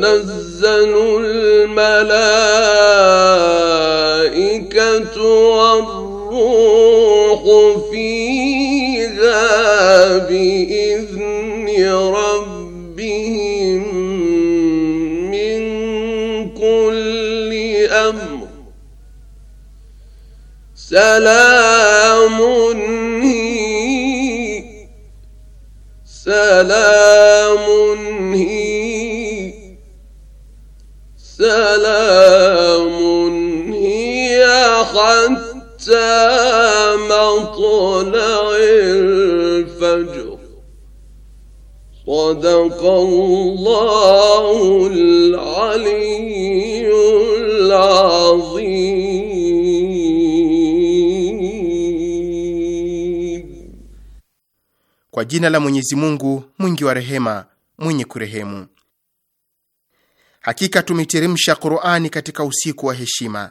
تنزل الملائكة والروح فيها بإذن ربهم من كل أمر سلام هي سلام هي Kwa jina la Mwenyezi Mungu mwingi wa rehema mwenye kurehemu. Hakika tumeteremsha Qur'ani katika usiku wa heshima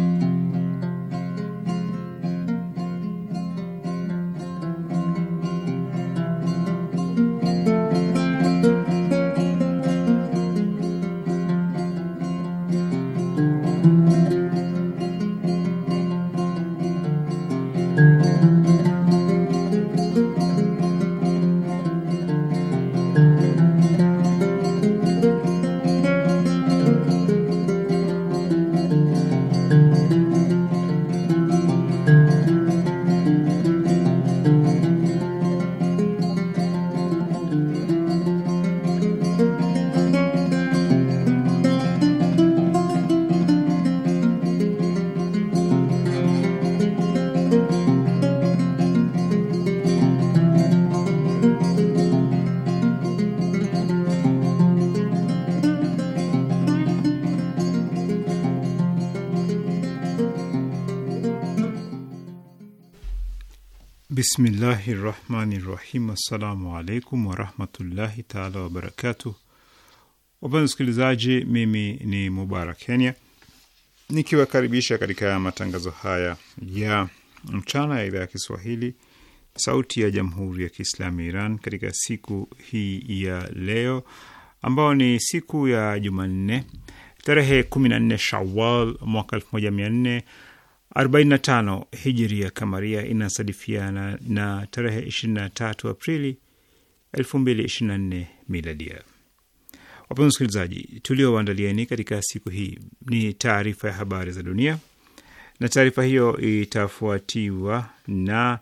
Bismillahi rahmani rahim. Assalamu alaikum warahmatullahi taala wabarakatuh. Wapenzi wasikilizaji, mimi ni Mubarak Kenya nikiwakaribisha katika matangazo haya ya mchana ya idhaa ya Kiswahili sauti ya jamhuri ya Kiislamu ya Iran katika siku hii ya leo ambayo ni siku ya Jumanne tarehe 14 Shawal mwaka elfu moja 1400 45 hijiria kamaria inasadifiana na tarehe 23 Aprili 2024 miladia. Wapenzi wasikilizaji, tuliowaandalieni katika siku hii ni taarifa ya habari za dunia, na taarifa hiyo itafuatiwa na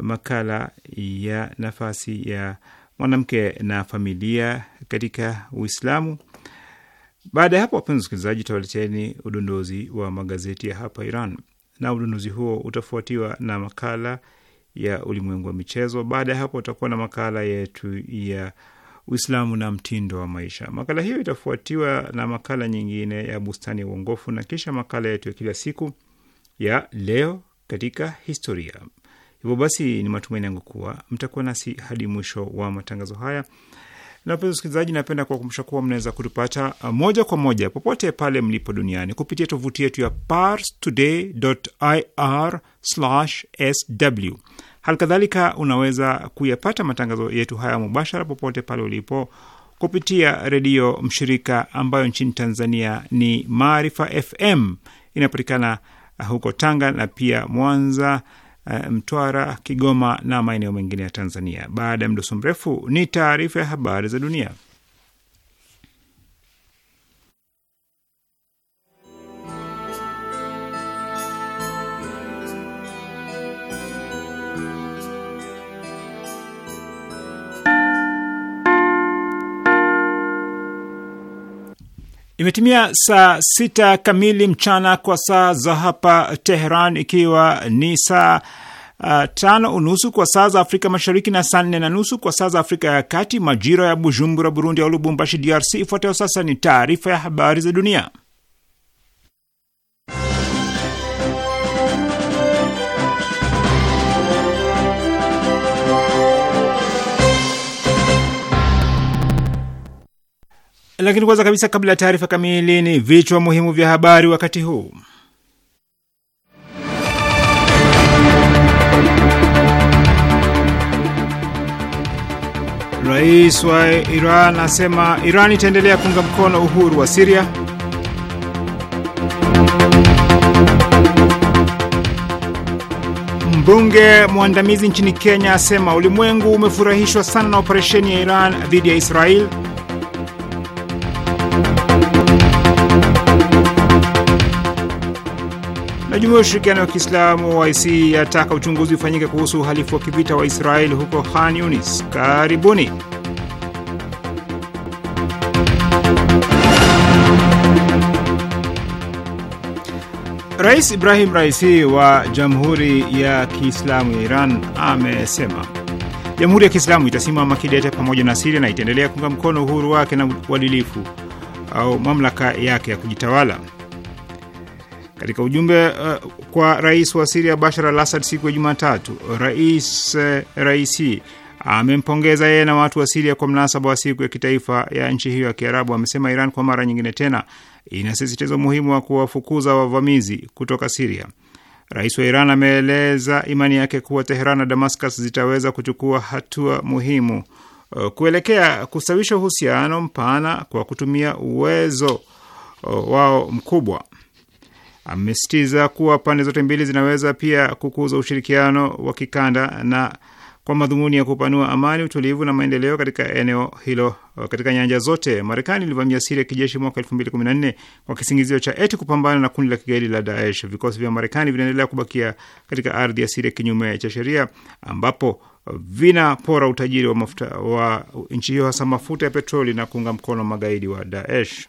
makala ya nafasi ya mwanamke na familia katika Uislamu. Baada ya hapo, wapenzi wasikilizaji, tawaleteni udondozi wa magazeti ya hapa Iran na udunduzi huo utafuatiwa na makala ya ulimwengu wa michezo. Baada ya hapo, utakuwa na makala yetu ya Uislamu na mtindo wa maisha. Makala hiyo itafuatiwa na makala nyingine ya bustani ya uongofu na kisha makala yetu ya kila siku ya leo katika historia. Hivyo basi, ni matumaini yangu kuwa mtakuwa nasi hadi mwisho wa matangazo haya na wapenzi wasikilizaji, napenda kuwakumbusha kuwa mnaweza kutupata uh, moja kwa moja popote pale mlipo duniani kupitia tovuti yetu ya parstoday.ir/sw. Hali kadhalika unaweza kuyapata matangazo yetu haya mubashara popote pale ulipo kupitia redio mshirika ambayo nchini Tanzania ni Maarifa FM, inapatikana uh, huko Tanga na pia Mwanza Eh, Mtwara, Kigoma na maeneo mengine ya Tanzania. Baada ya mdoso mrefu, ni taarifa ya habari za dunia. Imetimia saa sita kamili mchana kwa saa za hapa Teheran, ikiwa ni saa uh, tano unusu kwa saa za Afrika Mashariki na saa nne na nusu kwa saa za Afrika ya Kati, majira ya Bujumbura, Burundi, au Lubumbashi, DRC. Ifuatayo sasa ni taarifa ya habari za dunia. Lakini kwanza kabisa, kabla ya taarifa kamili, ni vichwa muhimu vya habari wakati huu. Rais wa Iran asema Iran itaendelea kuunga mkono uhuru wa Siria. Mbunge mwandamizi nchini Kenya asema ulimwengu umefurahishwa sana na operesheni ya Iran dhidi ya Israel. Jumuiya ya Ushirikiano wa Kiislamu OIC yataka uchunguzi ufanyike kuhusu uhalifu wa kivita wa Israeli huko Khan Yunis. Karibuni. Rais Ibrahim Raisi wa Jamhuri ya Kiislamu ya Iran amesema Jamhuri ya Kiislamu itasimama kidete pamoja na Siria na itaendelea kuunga mkono uhuru wake na uadilifu au mamlaka yake ya kujitawala. Katika ujumbe uh, kwa rais wa Siria Bashar al Assad siku ya Jumatatu, rais uh, raisi amempongeza yeye na watu wa Siria kwa mnasaba wa siku ya kitaifa ya nchi hiyo ya Kiarabu. Amesema Iran kwa mara nyingine tena inasisitiza umuhimu wa kuwafukuza wavamizi kutoka Siria. Rais wa Iran ameeleza imani yake kuwa Teheran na Damascus zitaweza kuchukua hatua muhimu uh, kuelekea kusawisha uhusiano mpana kwa kutumia uwezo uh, wao mkubwa. Amesisitiza kuwa pande zote mbili zinaweza pia kukuza ushirikiano wa kikanda na kwa madhumuni ya kupanua amani, utulivu na maendeleo katika eneo hilo uh, katika nyanja zote. Marekani ilivamia Siria kijeshi mwaka nne kwa kisingizio cha eti kupambana na kundi la kigaidi la Daesh. Vikosi vya Marekani vinaendelea kubakia katika ardhi ya Siria kinyume cha sheria, ambapo uh, vinapora utajiri wa mafuta wa nchi hiyo, hasa mafuta ya petroli na kuunga mkono magaidi wa Daesh.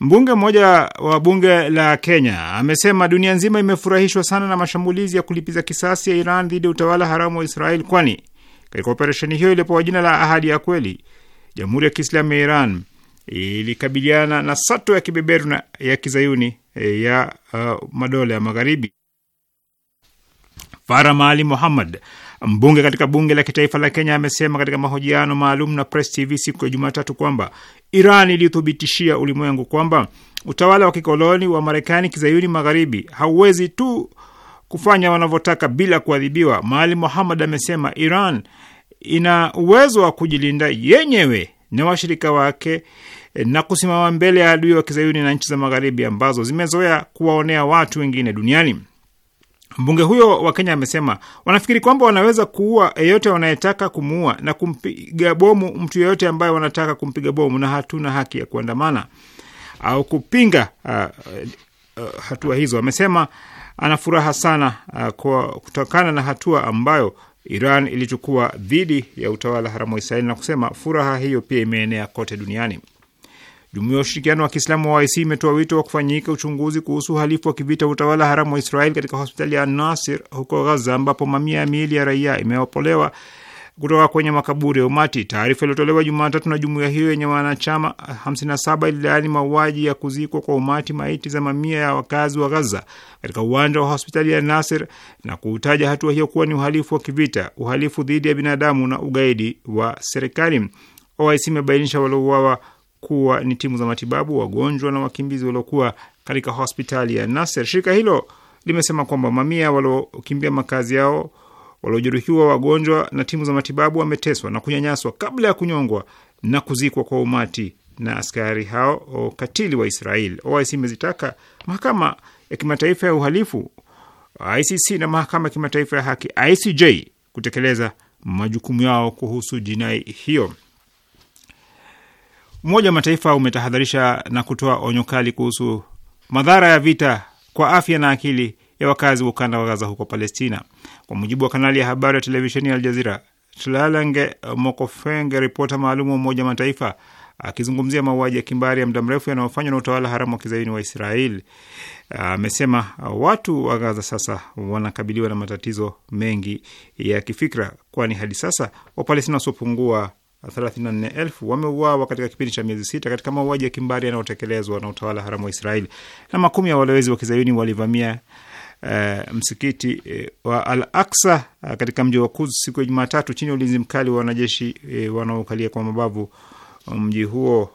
Mbunge mmoja wa bunge la Kenya amesema dunia nzima imefurahishwa sana na mashambulizi ya kulipiza kisasi ya Iran dhidi ya utawala haramu wa Israel, kwani katika operesheni hiyo iliyopewa jina la Ahadi ya Kweli, Jamhuri ya Kiislamu ya Iran ilikabiliana na sato ya kibeberu na ya kizayuni e, ya uh, madola ya Magharibi. Fara Maali Muhammad Mbunge katika bunge la kitaifa la Kenya amesema katika mahojiano maalum na Press TV siku ya Jumatatu kwamba Iran ilithibitishia ulimwengu kwamba utawala wa kikoloni wa Marekani kizayuni magharibi hauwezi tu kufanya wanavyotaka bila kuadhibiwa. Maalim Muhammad amesema Iran ina uwezo wa kujilinda yenyewe na washirika wake na kusimama mbele ya adui wa kizayuni na nchi za magharibi ambazo zimezoea kuwaonea watu wengine duniani. Mbunge huyo wa Kenya amesema wanafikiri kwamba wanaweza kuua yeyote wanayetaka kumuua na kumpiga bomu mtu yeyote ambaye wanataka kumpiga bomu, na hatuna haki ya kuandamana au kupinga uh, uh, uh hatua hizo. Amesema ana furaha sana uh, kwa kutokana na hatua ambayo Iran ilichukua dhidi ya utawala haramu wa Israeli na kusema furaha hiyo pia imeenea kote duniani. Jumuiya ya Ushirikiano wa Kiislamu wa OIC imetoa wito wa kufanyika uchunguzi kuhusu uhalifu wa kivita wa utawala haramu wa Israeli katika hospitali ya Nasir huko Ghaza, ambapo mamia ya miili ya raia imeopolewa kutoka kwenye makaburi ya umati. Taarifa iliyotolewa Jumatatu na jumuiya hiyo yenye wanachama 57 ililaani mauaji ya kuzikwa kwa umati maiti za mamia ya wakazi wa Gaza katika uwanja wa hospitali ya Nasir na kuutaja hatua hiyo kuwa ni uhalifu wa kivita, uhalifu dhidi ya binadamu na ugaidi wa serikali. OIC imebainisha waliouawa kuwa ni timu za matibabu, wagonjwa na wakimbizi waliokuwa katika hospitali ya Nasser. Shirika hilo limesema kwamba mamia waliokimbia makazi yao, waliojeruhiwa, wagonjwa na timu za matibabu wameteswa na kunyanyaswa kabla ya kunyongwa na kuzikwa kwa umati na askari hao katili wa Israel. OIC imezitaka mahakama ya kimataifa ya uhalifu ICC na mahakama ya kimataifa ya haki ICJ kutekeleza majukumu yao kuhusu jinai hiyo. Umoja wa Mataifa umetahadharisha na kutoa onyo kali kuhusu madhara ya vita kwa afya na akili ya wakazi wa ukanda wa Gaza huko Palestina. Kwa mujibu wa kanali ya habari ya televisheni ya Aljazira, Tlalenge Mokofenge, ripota maalum wa Umoja wa Mataifa, akizungumzia mauaji ya kimbari ya muda mrefu yanayofanywa na utawala haramu wa kizaini wa israel amesema watu wa Gaza sasa wanakabiliwa na matatizo mengi ya kifikra, kwani hadi sasa Wapalestina wasiopungua 34,000 wameuawa katika kipindi cha miezi sita katika mauaji ya kimbari yanayotekelezwa na utawala haramu wa Israeli, na makumi ya walowezi wa kizayuni walivamia uh, msikiti uh, wa Al Aksa uh, eh, katika mji wa Kuds siku ya Jumatatu chini ya ulinzi mkali wa wanajeshi uh, wanaokalia kwa mabavu um, mji um, huo.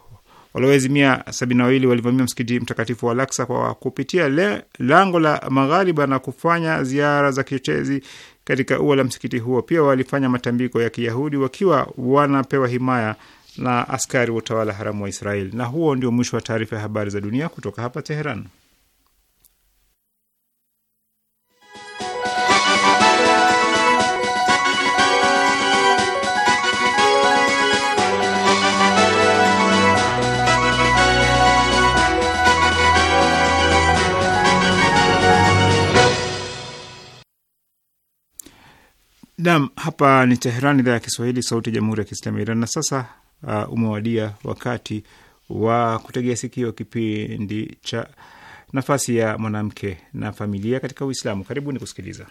Walowezi mia sabini na wawili walivamia msikiti mtakatifu wa Al Aksa kwa kupitia le, lango la maghariba na kufanya ziara za kichochezi katika ua la msikiti huo. Pia walifanya matambiko ya Kiyahudi wakiwa wanapewa himaya na askari wa utawala haramu wa Israeli. Na huo ndio mwisho wa taarifa ya habari za dunia kutoka hapa Teheran. Nam, hapa ni Teheran, idhaa ya Kiswahili, sauti ya jamhuri ya kiislamu ya Iran. Na sasa uh, umewadia wakati wa kutegea sikio kipindi cha nafasi ya mwanamke na familia katika Uislamu. Karibuni kusikiliza.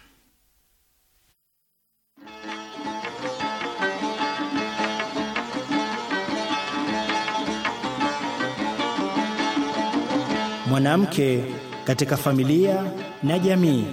Mwanamke katika familia na jamii.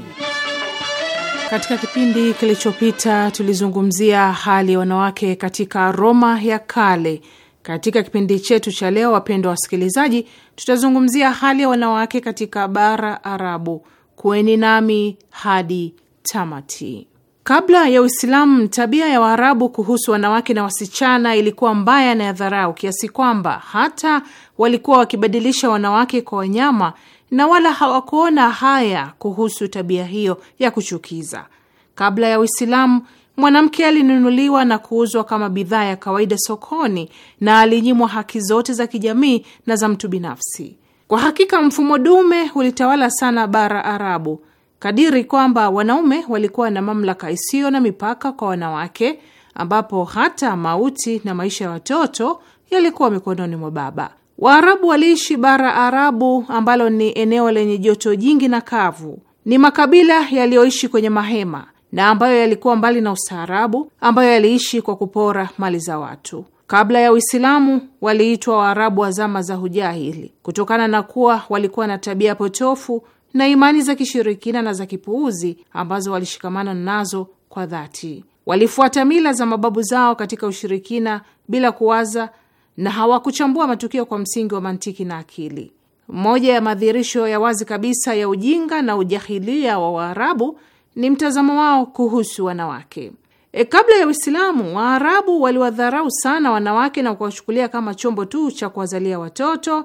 Katika kipindi kilichopita tulizungumzia hali ya wanawake katika Roma ya kale. Katika kipindi chetu cha leo, wapendwa wasikilizaji, tutazungumzia hali ya wanawake katika bara Arabu. Kuweni nami hadi tamati. Kabla ya Uislamu, tabia ya Waarabu kuhusu wanawake na wasichana ilikuwa mbaya na ya dharau kiasi kwamba hata walikuwa wakibadilisha wanawake kwa wanyama na wala hawakuona haya kuhusu tabia hiyo ya kuchukiza. Kabla ya Uislamu, mwanamke alinunuliwa na kuuzwa kama bidhaa ya kawaida sokoni na alinyimwa haki zote za kijamii na za mtu binafsi. Kwa hakika mfumo dume ulitawala sana bara Arabu kadiri kwamba wanaume walikuwa na mamlaka isiyo na mipaka kwa wanawake, ambapo hata mauti na maisha ya watoto yalikuwa mikononi mwa baba. Waarabu waliishi bara Arabu ambalo ni eneo lenye joto jingi na kavu. Ni makabila yaliyoishi kwenye mahema na ambayo yalikuwa mbali na ustaarabu, ambayo yaliishi kwa kupora mali za watu. Kabla ya Uislamu waliitwa Waarabu wa zama za hujahili kutokana na kuwa walikuwa na tabia potofu na imani za kishirikina na za kipuuzi ambazo walishikamana nazo kwa dhati. Walifuata mila za mababu zao katika ushirikina bila kuwaza na hawakuchambua matukio kwa msingi wa mantiki na akili. Moja ya madhihirisho ya wazi kabisa ya ujinga na ujahilia wa Waarabu ni mtazamo wao kuhusu wanawake. E, kabla ya Uislamu Waarabu waliwadharau sana wanawake na kuwachukulia kama chombo tu cha kuwazalia watoto,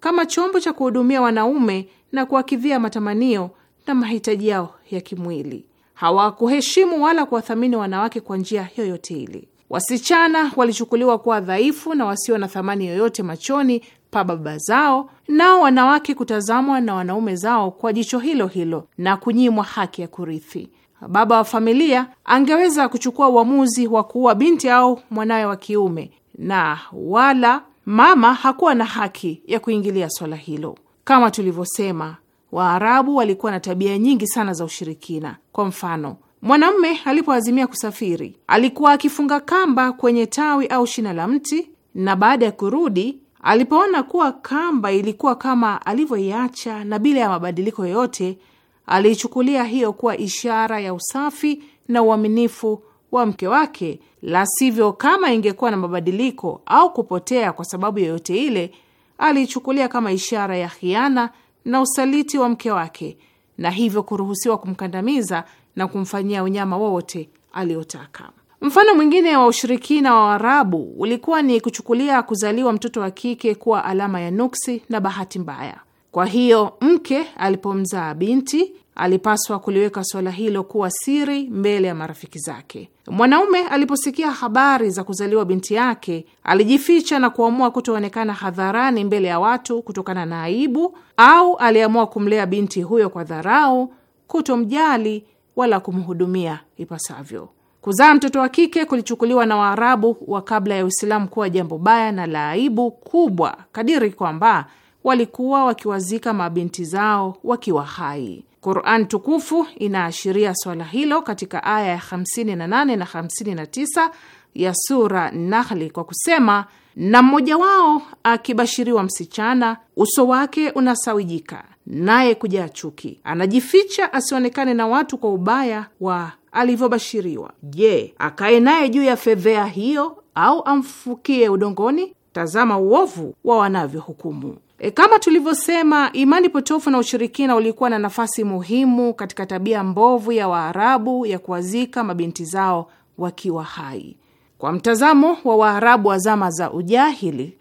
kama chombo cha kuhudumia wanaume na kuwakidhia matamanio na mahitaji yao ya kimwili. Hawakuheshimu wala kuwathamini wanawake kwa njia yoyote ile. Wasichana walichukuliwa kuwa dhaifu na wasio na thamani yoyote machoni pa baba zao, nao wanawake kutazamwa na wanaume zao kwa jicho hilo hilo na kunyimwa haki ya kurithi. Baba wa familia angeweza kuchukua uamuzi wa kuua binti au mwanawe wa kiume, na wala mama hakuwa na haki ya kuingilia swala hilo. Kama tulivyosema, Waarabu walikuwa na tabia nyingi sana za ushirikina. Kwa mfano, Mwanamume alipoazimia kusafiri, alikuwa akifunga kamba kwenye tawi au shina la mti, na baada ya kurudi, alipoona kuwa kamba ilikuwa kama alivyoiacha na bila ya mabadiliko yoyote, aliichukulia hiyo kuwa ishara ya usafi na uaminifu wa mke wake, la sivyo, kama ingekuwa na mabadiliko au kupotea kwa sababu yoyote ile, aliichukulia kama ishara ya khiana na usaliti wa mke wake, na hivyo kuruhusiwa kumkandamiza na kumfanyia unyama wowote aliotaka. Mfano mwingine wa ushirikina wa Waarabu ulikuwa ni kuchukulia kuzaliwa mtoto wa kike kuwa alama ya nuksi na bahati mbaya. Kwa hiyo mke alipomzaa binti alipaswa kuliweka suala hilo kuwa siri mbele ya marafiki zake. Mwanaume aliposikia habari za kuzaliwa binti yake alijificha na kuamua kutoonekana hadharani mbele ya watu kutokana na aibu, au aliamua kumlea binti huyo kwa dharau, kutomjali wala kumhudumia ipasavyo. Kuzaa mtoto wa kike kulichukuliwa na Waarabu wa kabla ya Uislamu kuwa jambo baya na la aibu kubwa, kadiri kwamba walikuwa wakiwazika mabinti zao wakiwa hai. Quran tukufu inaashiria swala hilo katika aya ya 58 na 59 ya sura Nahli kwa kusema, na mmoja wao akibashiriwa msichana, uso wake unasawijika naye kujaa chuki, anajificha asionekane na watu kwa ubaya wa alivyobashiriwa. Je, akae naye juu ya fedhea hiyo au amfukie udongoni? Tazama uovu wa wanavyohukumu. E, kama tulivyosema, imani potofu na ushirikina ulikuwa na nafasi muhimu katika tabia mbovu ya Waarabu ya kuwazika mabinti zao wakiwa hai. Kwa mtazamo wa Waarabu wa zama za ujahili,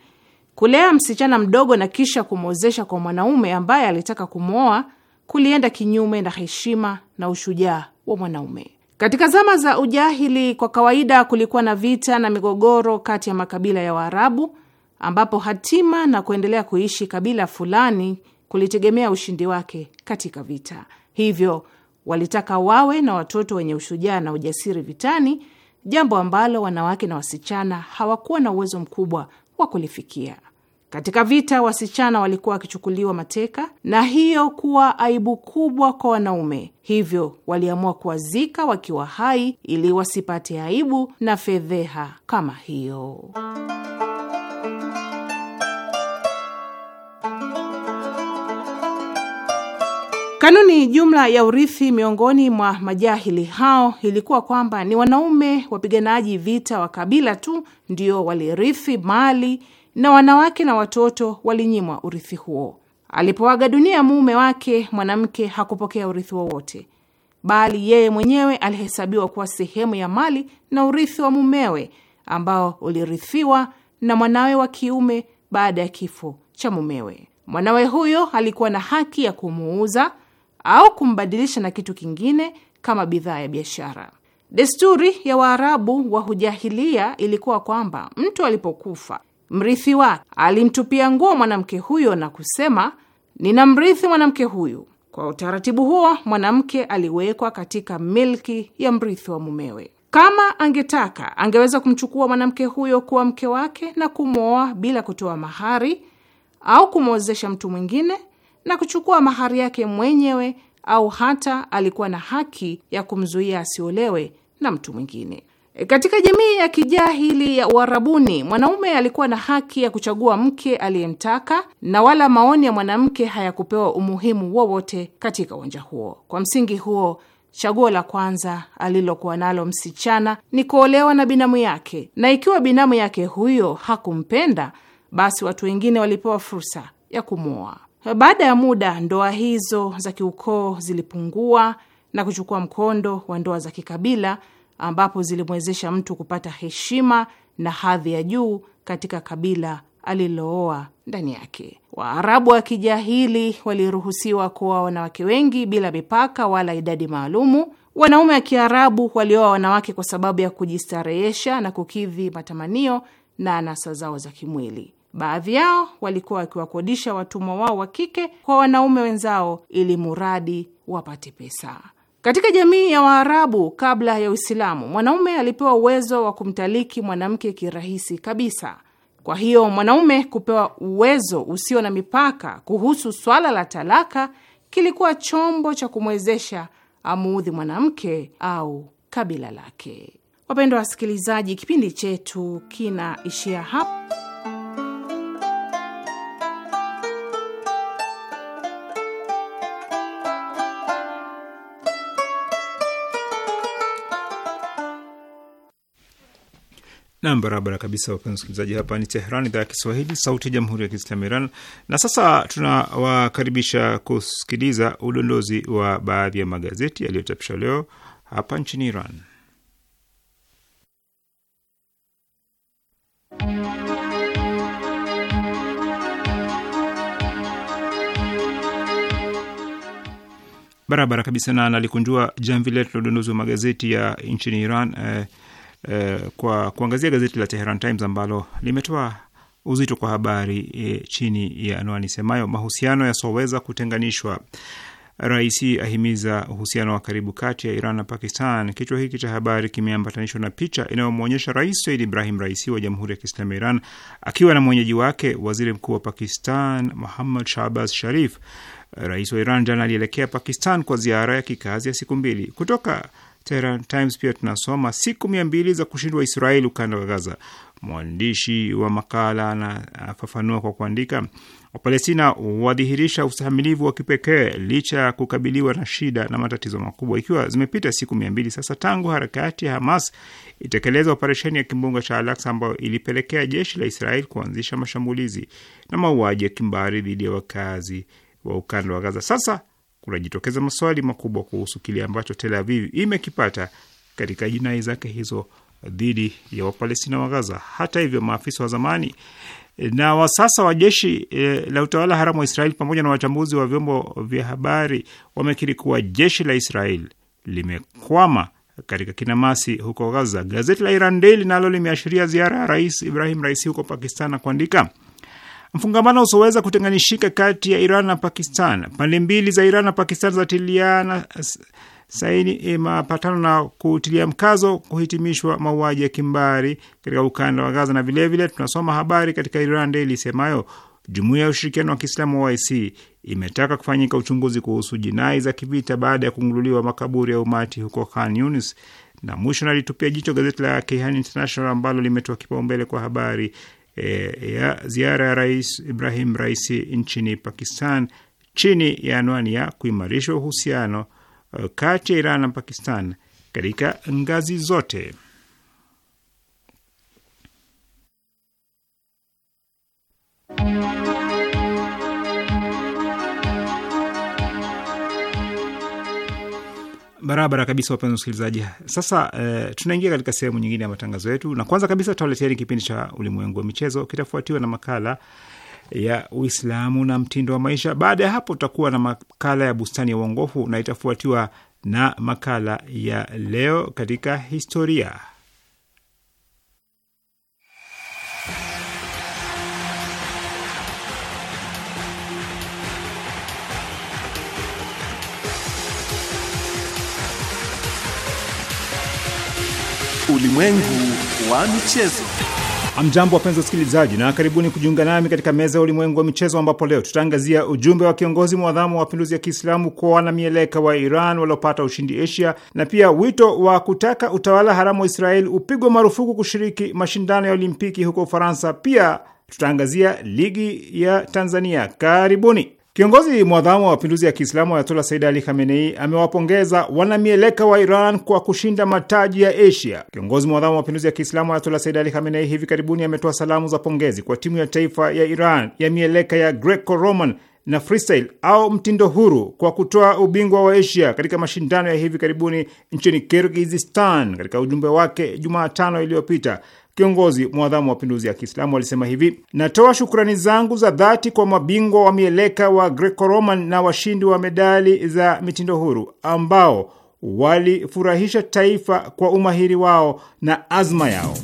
Kulea msichana mdogo na kisha kumwozesha kwa mwanaume ambaye alitaka kumwoa kulienda kinyume na heshima na ushujaa wa mwanaume. Katika zama za ujahili, kwa kawaida kulikuwa na vita na migogoro kati ya makabila ya Waarabu, ambapo hatima na kuendelea kuishi kabila fulani kulitegemea ushindi wake katika vita. Hivyo walitaka wawe na watoto wenye ushujaa na ujasiri vitani, jambo ambalo wanawake na wasichana hawakuwa na uwezo mkubwa wa kulifikia. Katika vita wasichana walikuwa wakichukuliwa mateka, na hiyo kuwa aibu kubwa kwa wanaume, hivyo waliamua kuwazika wakiwa hai ili wasipate aibu na fedheha kama hiyo. Kanuni jumla ya urithi miongoni mwa majahili hao ilikuwa kwamba ni wanaume wapiganaji vita wa kabila tu ndio walirithi mali na wanawake na watoto walinyimwa urithi huo. Alipoaga dunia mume wake, mwanamke hakupokea urithi wowote, bali yeye mwenyewe alihesabiwa kuwa sehemu ya mali na urithi wa mumewe ambao ulirithiwa na mwanawe wa kiume baada ya kifo cha mumewe. Mwanawe huyo alikuwa na haki ya kumuuza au kumbadilisha na kitu kingine kama bidhaa ya biashara. Desturi ya Waarabu wa hujahilia ilikuwa kwamba mtu alipokufa Mrithi wake alimtupia nguo mwanamke huyo na kusema, nina mrithi mwanamke huyu. Kwa utaratibu huo, mwanamke aliwekwa katika milki ya mrithi wa mumewe. Kama angetaka, angeweza kumchukua mwanamke huyo kuwa mke wake na kumwoa bila kutoa mahari au kumwozesha mtu mwingine na kuchukua mahari yake mwenyewe, au hata alikuwa na haki ya kumzuia asiolewe na mtu mwingine. Katika jamii ya kijahili ya Uarabuni, mwanaume alikuwa na haki ya kuchagua mke aliyemtaka na wala maoni ya mwanamke hayakupewa umuhimu wowote katika uwanja huo. Kwa msingi huo, chaguo la kwanza alilokuwa nalo msichana ni kuolewa na binamu yake, na ikiwa binamu yake huyo hakumpenda, basi watu wengine walipewa fursa ya kumwoa. Baada ya muda, ndoa hizo za kiukoo zilipungua na kuchukua mkondo wa ndoa za kikabila ambapo zilimwezesha mtu kupata heshima na hadhi ya juu katika kabila alilooa ndani yake. Waarabu wa kijahili waliruhusiwa kuoa wanawake wengi bila mipaka wala idadi maalumu. Wanaume wa Kiarabu walioa wanawake kwa sababu ya kujistarehesha na kukidhi matamanio na anasa zao za kimwili. Baadhi yao walikuwa wakiwakodisha watumwa wao wa kike kwa wanaume wenzao ili muradi wapate pesa. Katika jamii ya Waarabu kabla ya Uislamu, mwanaume alipewa uwezo wa kumtaliki mwanamke kirahisi kabisa. Kwa hiyo mwanaume kupewa uwezo usio na mipaka kuhusu swala la talaka kilikuwa chombo cha kumwezesha amuudhi mwanamke au kabila lake. Wapendwa wasikilizaji, kipindi chetu kinaishia hapa. Nam, barabara kabisa, wapenzi wasikilizaji, hapa ni Tehran, idhaa ya Kiswahili, sauti ya jamhuri ya kiislamu Iran. Na sasa tunawakaribisha kusikiliza udondozi wa baadhi ya magazeti yaliyochapishwa leo hapa nchini Iran. Barabara kabisa, na nalikunjua jamvi letu la udondozi wa magazeti ya nchini Iran eh, Eh, kwa kuangazia gazeti la Teheran Times ambalo limetoa uzito kwa habari e, chini ya anwani semayo mahusiano yasoweza kutenganishwa, Raisi ahimiza uhusiano wa karibu kati ya Iran na Pakistan. Kichwa hiki cha habari kimeambatanishwa na picha inayomwonyesha Rais Said Ibrahim Raisi wa Jamhuri ya Kiislamu ya Iran akiwa na mwenyeji wake Waziri Mkuu wa Pakistan Muhammad Shahbaz Sharif. Rais wa Iran jana alielekea Pakistan kwa ziara ya kikazi ya siku mbili. Kutoka Tehran Times pia tunasoma siku mia mbili za kushindwa Israeli ukanda wa Gaza. Mwandishi wa makala anafafanua kwa kuandika, Wapalestina wadhihirisha usahamilivu wa kipekee licha ya kukabiliwa na shida na matatizo makubwa. Ikiwa zimepita siku mia mbili sasa tangu harakati ya Hamas itekeleza operesheni ya kimbunga cha al ambayo ilipelekea jeshi la Israeli kuanzisha mashambulizi na mauaji ya kimbari dhidi ya wakazi wa ukanda wa Gaza, sasa kunajitokeza maswali makubwa kuhusu kile ambacho Tel Aviv imekipata katika jinai zake hizo dhidi ya Wapalestina wa Gaza. Hata hivyo, maafisa wa zamani na wa sasa wa jeshi e, la utawala haramu wa Israeli pamoja na wachambuzi wa vyombo vya habari wamekiri kuwa jeshi la Israeli limekwama katika kinamasi huko Gaza. Gazeti la Iran Daily nalo limeashiria ziara ya Rais Ibrahim Raisi huko Pakistan na kuandika mfungamano usioweza kutenganishika kati ya Iran na Pakistan. Pande mbili za Iran na Pakistan zatiliana saini e, mapatano na kutilia mkazo kuhitimishwa mauaji ya kimbari katika ukanda wa Gaza. Na vilevile tunasoma habari katika Iran Daily isemayo Jumuiya ya Ushirikiano wa Kiislamu wa OIC imetaka kufanyika uchunguzi kuhusu jinai za kivita baada ya kungululiwa makaburi ya umati huko Khan Yunis. Na mwisho nalitupia jicho gazeti la Kayhan International ambalo limetoa kipaumbele kwa habari e, ya ziara ya Rais Ibrahim Raisi nchini Pakistan chini ya anwani ya kuimarisha uhusiano eh, kati ya Iran na Pakistan katika ngazi zote. barabara kabisa, wapenzi wasikilizaji. Sasa eh, tunaingia katika sehemu nyingine ya matangazo yetu, na kwanza kabisa tutawaleteni kipindi cha ulimwengu wa michezo, kitafuatiwa na makala ya Uislamu na mtindo wa maisha. Baada ya hapo, tutakuwa na makala ya bustani ya uongofu na itafuatiwa na makala ya leo katika historia. Ulimwengu wa michezo. Amjambo, wapenzi wasikilizaji, na karibuni kujiunga nami katika meza ya ulimwengu wa michezo, ambapo leo tutaangazia ujumbe wa kiongozi mwadhamu wa mapinduzi ya Kiislamu kwa wanamieleka wa Iran waliopata ushindi Asia, na pia wito wa kutaka utawala haramu wa Israeli upigwe marufuku kushiriki mashindano ya Olimpiki huko Ufaransa. Pia tutaangazia ligi ya Tanzania. Karibuni. Kiongozi mwadhamu wa mapinduzi ya Kiislamu Ayatola Said Ali Khamenei amewapongeza wanamieleka wa Iran kwa kushinda mataji ya Asia. Kiongozi mwadhamu wa mapinduzi ya Kiislamu Ayatola Said Ali Khamenei hivi karibuni ametoa salamu za pongezi kwa timu ya taifa ya Iran ya mieleka ya Greco Roman na freestyle au mtindo huru kwa kutoa ubingwa wa Asia katika mashindano ya hivi karibuni nchini Kirgizistan. Katika ujumbe wake Jumatano iliyopita kiongozi mwadhamu wa mapinduzi ya Kiislamu alisema hivi: natoa shukrani zangu za dhati kwa mabingwa wa mieleka wa Greco-Roman na washindi wa medali za mitindo huru ambao walifurahisha taifa kwa umahiri wao na azma yao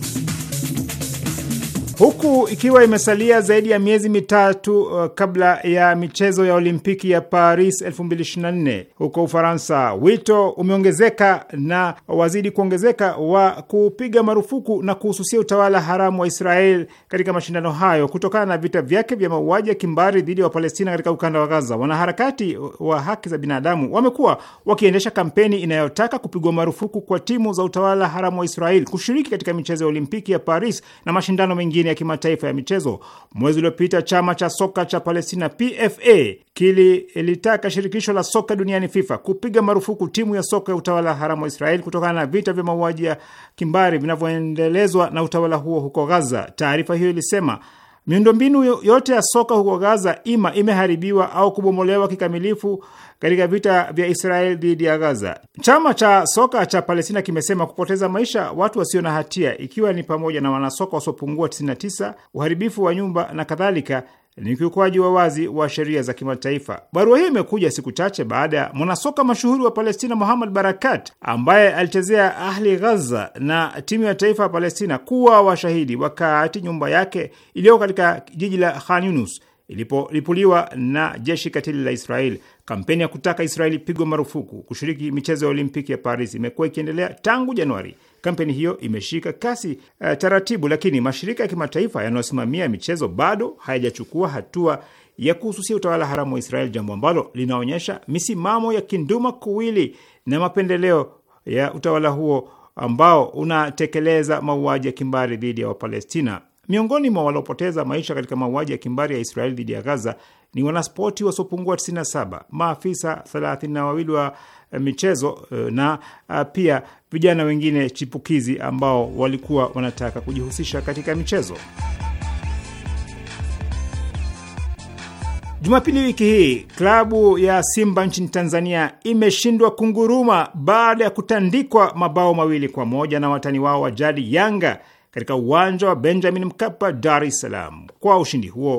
huku ikiwa imesalia zaidi ya miezi mitatu uh, kabla ya michezo ya Olimpiki ya Paris 2024 huko Ufaransa, wito umeongezeka na wazidi kuongezeka wa kupiga marufuku na kuhususia utawala haramu wa Israel katika mashindano hayo kutokana na vita vyake vya mauaji ya kimbari dhidi ya Wapalestina katika ukanda wa Gaza. Wanaharakati wa haki za binadamu wamekuwa wakiendesha kampeni inayotaka kupigwa marufuku kwa timu za utawala haramu wa Israel kushiriki katika michezo ya Olimpiki ya Paris na mashindano mengine ya kimataifa ya michezo. Mwezi uliopita chama cha soka cha Palestina PFA kililitaka shirikisho la soka duniani FIFA kupiga marufuku timu ya soka ya utawala haramu wa Israeli kutokana na vita vya mauaji ya kimbari vinavyoendelezwa na utawala huo huko Gaza. Taarifa hiyo ilisema Miundombinu yote ya soka huko Gaza ima imeharibiwa au kubomolewa kikamilifu katika vita vya Israel dhidi ya Gaza. Chama cha soka cha Palestina kimesema kupoteza maisha watu wasio na hatia, ikiwa ni pamoja na wanasoka wasiopungua 99, uharibifu wa nyumba na kadhalika, ni ukiukwaji wa wazi wa sheria za kimataifa. Barua hii imekuja siku chache baada ya mwanasoka mashuhuri wa Palestina Muhammad Barakat, ambaye alichezea Ahli Ghaza na timu ya taifa ya Palestina, kuwa washahidi wakati nyumba yake iliyoko katika jiji la Khan Yunus ilipolipuliwa na jeshi katili la Israel. Kampeni ya kutaka Israeli pigwa marufuku kushiriki michezo ya Olimpiki ya Paris imekuwa ikiendelea tangu Januari kampeni hiyo imeshika kasi uh, taratibu, lakini mashirika ya kimataifa yanayosimamia michezo bado hayajachukua hatua ya kuhususia utawala haramu wa Israel, jambo ambalo linaonyesha misimamo ya kinduma kuwili na mapendeleo ya utawala huo ambao unatekeleza mauaji ya kimbari dhidi ya Wapalestina. Miongoni mwa waliopoteza maisha katika mauaji ya kimbari ya Israeli dhidi ya Gaza ni wanaspoti wasiopungua 97, maafisa 32 wa Eh, michezo eh, na eh, pia vijana wengine chipukizi ambao walikuwa wanataka kujihusisha katika michezo. Jumapili wiki hii klabu ya Simba nchini Tanzania imeshindwa kunguruma baada ya kutandikwa mabao mawili kwa moja na watani wao wa jadi Yanga katika uwanja wa Benjamin Mkapa, Dar es Salaam. Kwa ushindi huo,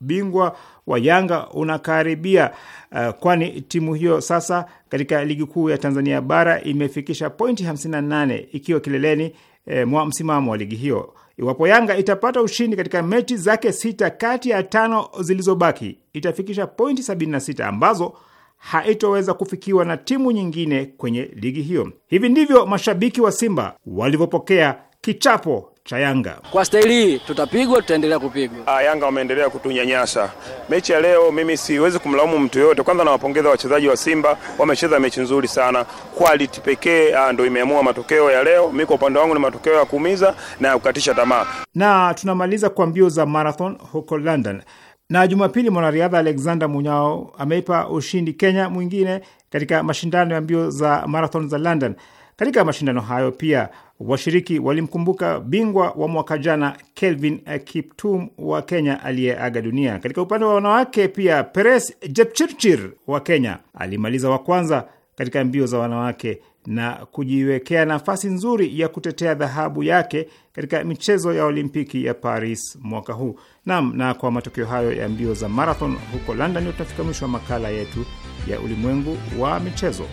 ubingwa wa Yanga unakaribia, uh, kwani timu hiyo sasa katika ligi kuu ya Tanzania bara imefikisha pointi 58 ikiwa kileleni eh, mwa msimamo wa ligi hiyo. Iwapo Yanga itapata ushindi katika mechi zake sita kati ya tano zilizobaki itafikisha pointi 76 ambazo haitoweza kufikiwa na timu nyingine kwenye ligi hiyo. Hivi ndivyo mashabiki wa Simba walivyopokea kichapo cha Yanga. Kwa staili hii tutapigwa, tutaendelea kupigwa. Ah, Yanga wameendelea kutunyanyasa. Mechi ya leo mimi siwezi kumlaumu mtu yoyote. Kwanza nawapongeza wachezaji wa Simba, wamecheza mechi nzuri sana. Quality pekee ah, ndio imeamua matokeo ya leo. Mimi kwa upande wangu ni matokeo ya kuumiza na ya kukatisha tamaa. Na tunamaliza kwa mbio za marathon huko London. Na Jumapili mwanariadha Alexander Munyao ameipa ushindi Kenya mwingine katika mashindano ya mbio za marathon za London. Katika mashindano hayo pia washiriki walimkumbuka bingwa wa mwaka jana Kelvin Kiptum wa Kenya aliyeaga dunia. Katika upande wa wanawake pia, Peres Jepchirchir wa Kenya alimaliza wa kwanza katika mbio za wanawake na kujiwekea nafasi nzuri ya kutetea dhahabu yake katika michezo ya Olimpiki ya Paris mwaka huu. Naam, na kwa matokeo hayo ya mbio za marathon huko London, ndio tunafika mwisho wa makala yetu ya ulimwengu wa michezo.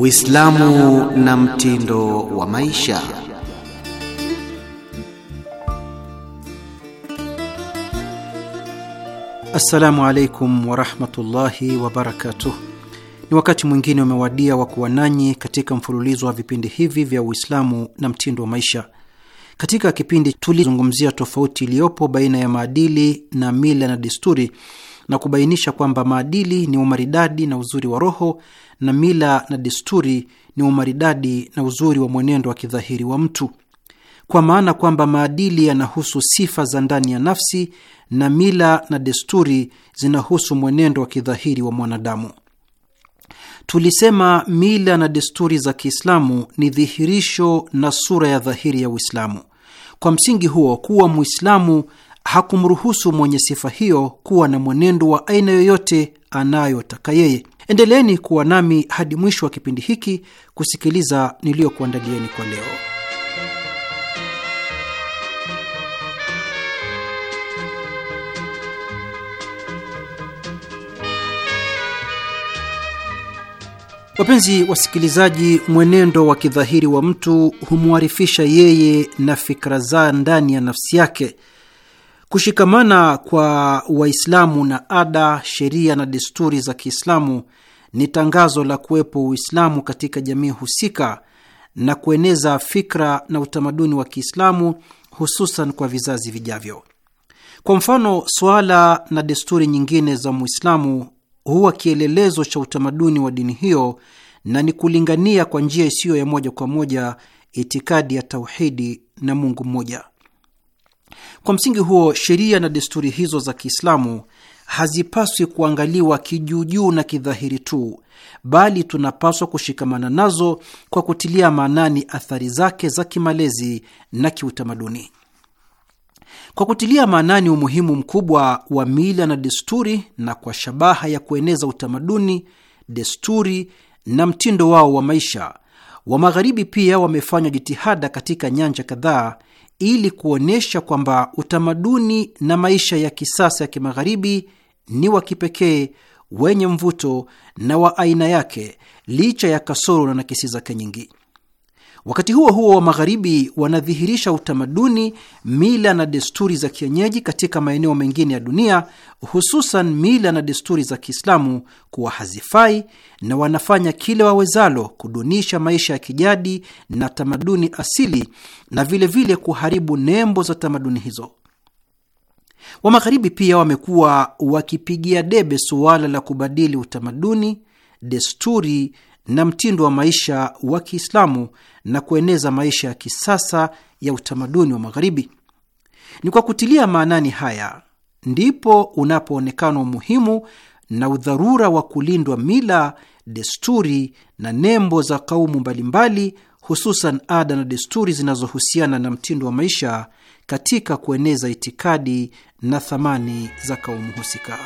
Uislamu na mtindo wa maisha. Assalamu alaikum warahmatullahi wabarakatuh. Ni wakati mwingine umewadia wa kuwa nanyi katika mfululizo wa vipindi hivi vya Uislamu na mtindo wa maisha. Katika kipindi tulizungumzia tofauti iliyopo baina ya maadili na mila na desturi na kubainisha kwamba maadili ni umaridadi na uzuri wa roho na mila na desturi ni umaridadi na uzuri wa mwenendo wa kidhahiri wa mtu, kwa maana kwamba maadili yanahusu sifa za ndani ya nafsi na mila na desturi zinahusu mwenendo wa kidhahiri wa mwanadamu. Tulisema mila na desturi za Kiislamu ni dhihirisho na sura ya dhahiri ya Uislamu. Kwa msingi huo, kuwa Mwislamu hakumruhusu mwenye sifa hiyo kuwa na mwenendo wa aina yoyote anayotaka yeye. Endeleeni kuwa nami hadi mwisho wa kipindi hiki kusikiliza niliyokuandalieni kwa leo. Wapenzi wasikilizaji, mwenendo wa kidhahiri wa mtu humwarifisha yeye na fikra za ndani ya nafsi yake, Kushikamana kwa Waislamu na ada, sheria na desturi za Kiislamu ni tangazo la kuwepo Uislamu katika jamii husika na kueneza fikra na utamaduni wa Kiislamu hususan kwa vizazi vijavyo. Kwa mfano, suala na desturi nyingine za Muislamu huwa kielelezo cha utamaduni wa dini hiyo na ni kulingania kwa njia isiyo ya moja kwa moja itikadi ya tauhidi na Mungu mmoja. Kwa msingi huo, sheria na desturi hizo za Kiislamu hazipaswi kuangaliwa kijuujuu na kidhahiri tu, bali tunapaswa kushikamana nazo kwa kutilia maanani athari zake za kimalezi na kiutamaduni. Kwa kutilia maanani umuhimu mkubwa wa mila na desturi, na kwa shabaha ya kueneza utamaduni, desturi na mtindo wao wa maisha, wa Magharibi pia wamefanya jitihada katika nyanja kadhaa ili kuonyesha kwamba utamaduni na maisha ya kisasa ya kimagharibi ni wa kipekee wenye mvuto na wa aina yake licha ya kasoro na nakisi zake nyingi. Wakati huo huo, wa magharibi wanadhihirisha utamaduni, mila na desturi za kienyeji katika maeneo mengine ya dunia, hususan mila na desturi za Kiislamu kuwa hazifai na wanafanya kile wawezalo kudunisha maisha ya kijadi na tamaduni asili na vilevile vile kuharibu nembo za tamaduni hizo. Wa magharibi pia wamekuwa wakipigia debe suala la kubadili utamaduni, desturi na mtindo wa maisha wa Kiislamu na kueneza maisha ya kisasa ya utamaduni wa Magharibi. Ni kwa kutilia maanani haya ndipo unapoonekana umuhimu na udharura wa kulindwa mila, desturi na nembo za kaumu mbalimbali, hususan ada na desturi zinazohusiana na mtindo wa maisha katika kueneza itikadi na thamani za kaumu husika.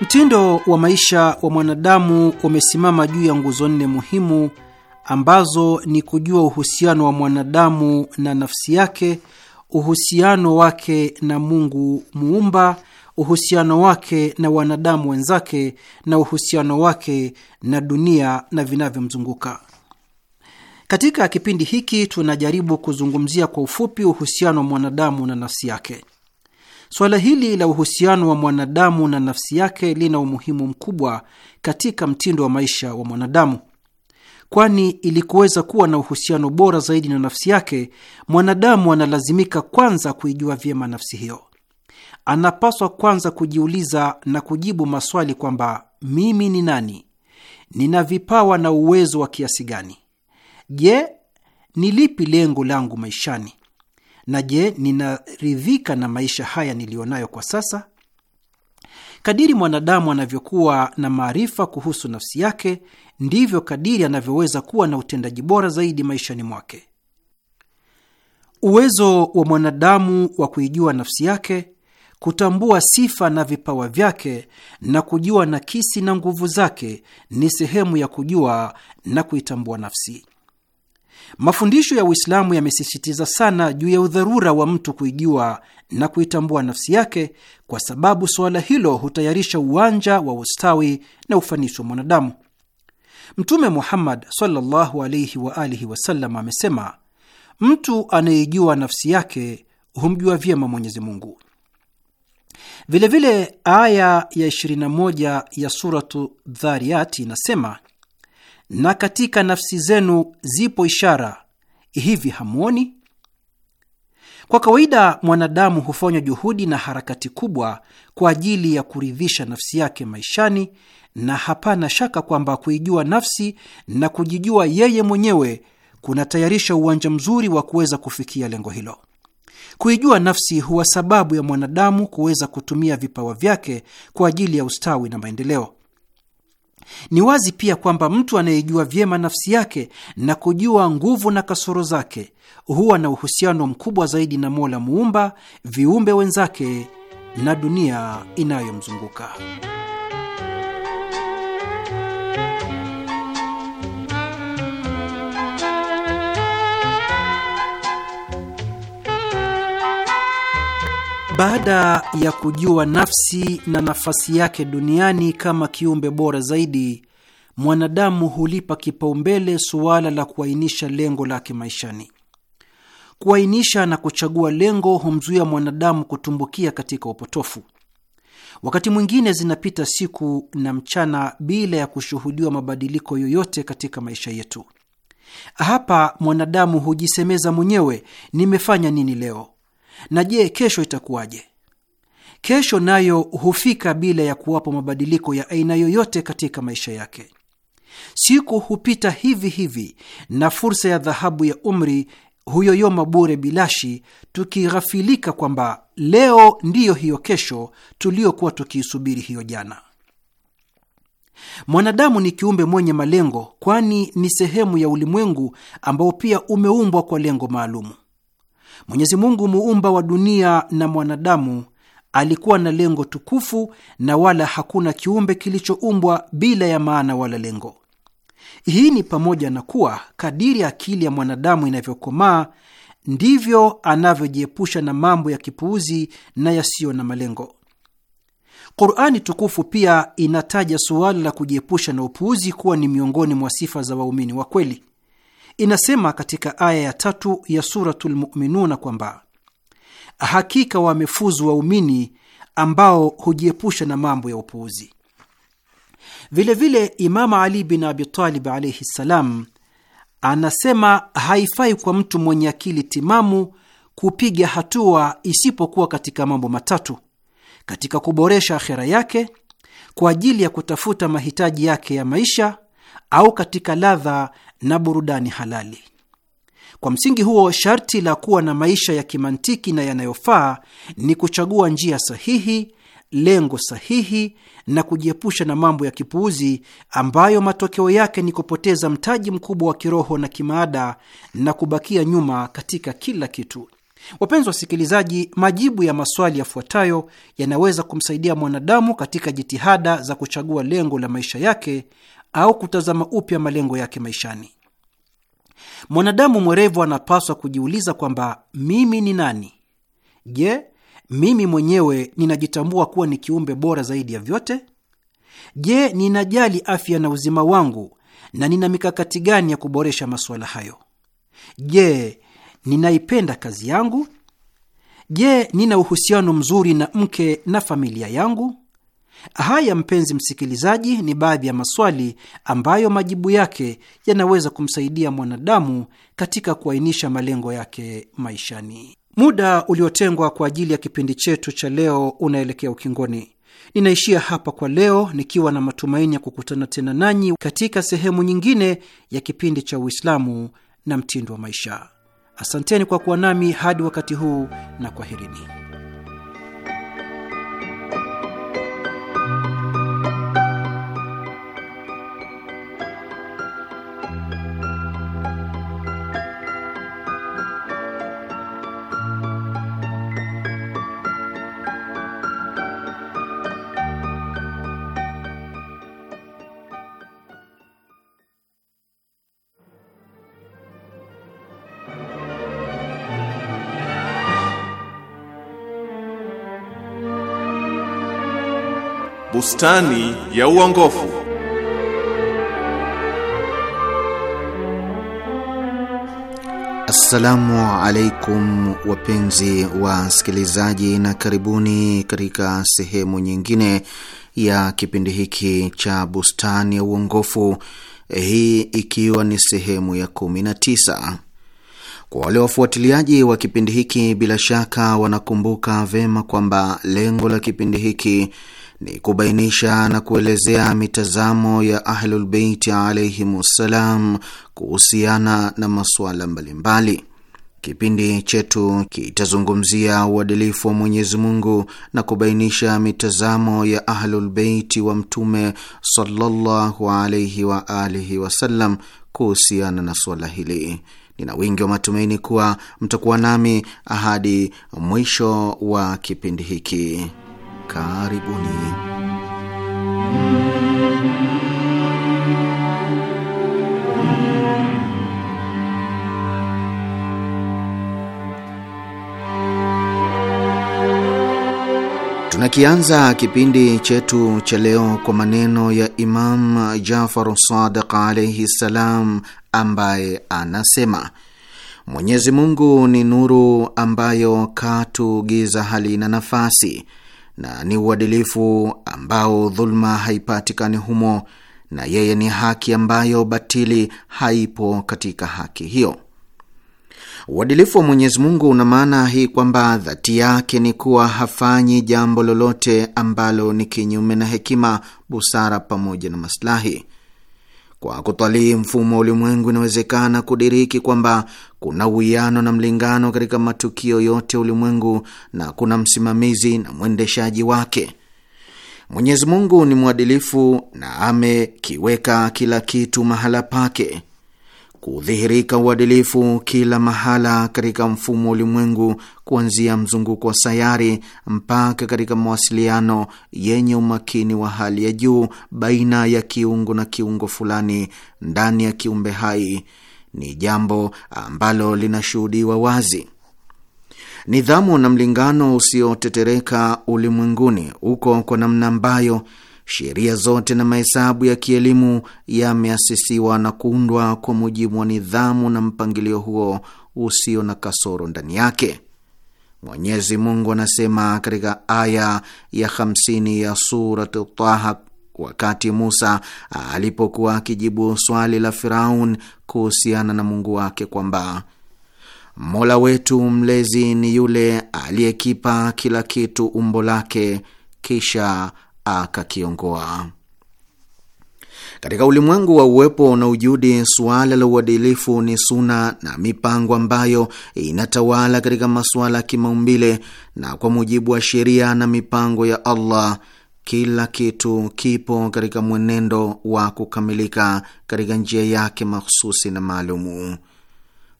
Mtindo wa maisha wa mwanadamu umesimama juu ya nguzo nne muhimu ambazo ni kujua uhusiano wa mwanadamu na nafsi yake, uhusiano wake na Mungu Muumba, uhusiano wake na wanadamu wenzake, na uhusiano wake na dunia na vinavyomzunguka. Katika kipindi hiki tunajaribu kuzungumzia kwa ufupi uhusiano wa mwanadamu na nafsi yake. Suala hili la uhusiano wa mwanadamu na nafsi yake lina umuhimu mkubwa katika mtindo wa maisha wa mwanadamu, kwani ili kuweza kuwa na uhusiano bora zaidi na nafsi yake, mwanadamu analazimika kwanza kuijua vyema nafsi hiyo. Anapaswa kwanza kujiuliza na kujibu maswali kwamba mimi ni nani? Nina vipawa na uwezo wa kiasi gani? Je, ni lipi lengo langu maishani? Na je, ninaridhika na maisha haya niliyonayo kwa sasa? Kadiri mwanadamu anavyokuwa na maarifa kuhusu nafsi yake, ndivyo kadiri anavyoweza kuwa na utendaji bora zaidi maishani mwake. Uwezo wa mwanadamu wa kuijua nafsi yake, kutambua sifa na vipawa vyake, na kujua nakisi na nguvu zake ni sehemu ya kujua na kuitambua nafsi. Mafundisho ya Uislamu yamesisitiza sana juu ya udharura wa mtu kuijua na kuitambua nafsi yake, kwa sababu suala hilo hutayarisha uwanja wa ustawi na ufanisi wa mwanadamu. Mtume Muhammad sallallahu alaihi wa alihi wasallam amesema, mtu anayeijua nafsi yake humjua vyema Mwenyezi Mungu. Vilevile aya ya 21 ya Suratu Dhariyati inasema na katika nafsi zenu zipo ishara, hivi hamuoni? Kwa kawaida mwanadamu hufanya juhudi na harakati kubwa kwa ajili ya kuridhisha nafsi yake maishani, na hapana shaka kwamba kuijua nafsi na kujijua yeye mwenyewe kunatayarisha uwanja mzuri wa kuweza kufikia lengo hilo. Kuijua nafsi huwa sababu ya mwanadamu kuweza kutumia vipawa vyake kwa ajili ya ustawi na maendeleo. Ni wazi pia kwamba mtu anayejua vyema nafsi yake na kujua nguvu na kasoro zake huwa na uhusiano mkubwa zaidi na Mola muumba, viumbe wenzake na dunia inayomzunguka. Baada ya kujua nafsi na nafasi yake duniani kama kiumbe bora zaidi, mwanadamu hulipa kipaumbele suala la kuainisha lengo lake maishani. Kuainisha na kuchagua lengo humzuia mwanadamu kutumbukia katika upotofu. Wakati mwingine zinapita siku na mchana bila ya kushuhudiwa mabadiliko yoyote katika maisha yetu. Hapa mwanadamu hujisemeza mwenyewe, nimefanya nini leo? Na je, kesho itakuwaje? Kesho nayo hufika bila ya kuwapo mabadiliko ya aina yoyote katika maisha yake. Siku hupita hivi hivi, na fursa ya dhahabu ya umri huyoyoma bure bilashi, tukighafilika kwamba leo ndiyo hiyo kesho tuliyokuwa tukiisubiri hiyo jana. Mwanadamu ni kiumbe mwenye malengo, kwani ni sehemu ya ulimwengu ambao pia umeumbwa kwa lengo maalumu. Mwenyezi Mungu muumba wa dunia na mwanadamu alikuwa na lengo tukufu na wala hakuna kiumbe kilichoumbwa bila ya maana wala lengo. Hii ni pamoja na kuwa kadiri akili ya mwanadamu inavyokomaa ndivyo anavyojiepusha na mambo ya kipuuzi na yasiyo na malengo. Qurani tukufu pia inataja suala la kujiepusha na upuuzi kuwa ni miongoni mwa sifa za waumini wa kweli. Inasema katika aya ya tatu ya Suratul Muminuna kwamba hakika wamefuzu waumini ambao hujiepusha na mambo ya upuuzi. Vilevile Imama Ali bin Abitalib alaihi ssalam anasema haifai kwa mtu mwenye akili timamu kupiga hatua isipokuwa katika mambo matatu: katika kuboresha akhera yake kwa ajili ya kutafuta mahitaji yake ya maisha, au katika ladha na burudani halali. Kwa msingi huo, sharti la kuwa na maisha ya kimantiki na yanayofaa ni kuchagua njia sahihi, lengo sahihi, na kujiepusha na mambo ya kipuuzi ambayo matokeo yake ni kupoteza mtaji mkubwa wa kiroho na kimaada na kubakia nyuma katika kila kitu. Wapenzi wasikilizaji, majibu ya maswali yafuatayo yanaweza kumsaidia mwanadamu katika jitihada za kuchagua lengo la maisha yake au kutazama upya malengo yake maishani. Mwanadamu mwerevu anapaswa kujiuliza kwamba mimi ni nani? Je, mimi mwenyewe ninajitambua kuwa ni kiumbe bora zaidi ya vyote? Je, ninajali afya na uzima wangu na nina mikakati gani ya kuboresha masuala hayo? Je, ninaipenda kazi yangu? Je, nina uhusiano mzuri na mke na familia yangu? Haya, mpenzi msikilizaji, ni baadhi ya maswali ambayo majibu yake yanaweza kumsaidia mwanadamu katika kuainisha malengo yake maishani. Muda uliotengwa kwa ajili ya kipindi chetu cha leo unaelekea ukingoni. Ninaishia hapa kwa leo, nikiwa na matumaini ya kukutana tena nanyi katika sehemu nyingine ya kipindi cha Uislamu na mtindo wa maisha. Asanteni kwa kuwa nami hadi wakati huu na kwaherini. bustani ya uongofu. Assalamu alaikum wapenzi sikilizaji, na karibuni katika sehemu nyingine ya kipindi hiki cha bustani ya uongofu, hii ikiwa ni sehemu ya kumi Kwa wale wafuatiliaji wa kipindi hiki, bila shaka wanakumbuka vema kwamba lengo la kipindi hiki ni kubainisha na kuelezea mitazamo ya Ahlulbeiti wassalam kuhusiana na masuala mbalimbali. Kipindi chetu kitazungumzia uadilifu wa Mwenyezi Mungu na kubainisha mitazamo ya Ahlulbeiti wa Mtume sallallahu alaihi wa alihi wasallam kuhusiana na suala hili. Nina wingi wa matumaini kuwa mtakuwa nami ahadi mwisho wa kipindi hiki. Karibuni. Tunakianza kipindi chetu cha leo kwa maneno ya Imam Jafar Sadiq alaihi ssalam, ambaye anasema Mwenyezi Mungu ni nuru ambayo katu giza halina nafasi na ni uadilifu ambao dhuluma haipatikani humo, na yeye ni haki ambayo batili haipo katika haki hiyo. Uadilifu wa Mwenyezi Mungu una maana hii kwamba dhati yake ni kuwa hafanyi jambo lolote ambalo ni kinyume na hekima, busara pamoja na maslahi. Kwa kutwalii mfumo wa ulimwengu, inawezekana kudiriki kwamba kuna uwiano na mlingano katika matukio yote ya ulimwengu na kuna msimamizi na mwendeshaji wake. Mwenyezi Mungu ni mwadilifu na amekiweka kila kitu mahala pake kudhihirika uadilifu kila mahala katika mfumo wa ulimwengu, kuanzia mzunguko wa sayari mpaka katika mawasiliano yenye umakini wa hali ya juu baina ya kiungo na kiungo fulani ndani ya kiumbe hai, ni jambo ambalo linashuhudiwa wazi. Nidhamu na mlingano usiotetereka ulimwenguni uko kwa namna ambayo Sheria zote na mahesabu ya kielimu yameasisiwa na kuundwa kwa mujibu wa nidhamu na mpangilio huo usio na kasoro ndani yake. Mwenyezi Mungu anasema katika aya ya 50 ya Surat Taha, wakati Musa alipokuwa akijibu swali la Firaun kuhusiana na Mungu wake kwamba Mola wetu mlezi ni yule aliyekipa kila kitu umbo lake kisha akakiongoa. Katika ulimwengu wa uwepo na ujudi, suala la uadilifu ni suna na mipango ambayo inatawala katika masuala ya kimaumbile, na kwa mujibu wa sheria na mipango ya Allah, kila kitu kipo katika mwenendo wa kukamilika katika njia yake makhususi na maalumu.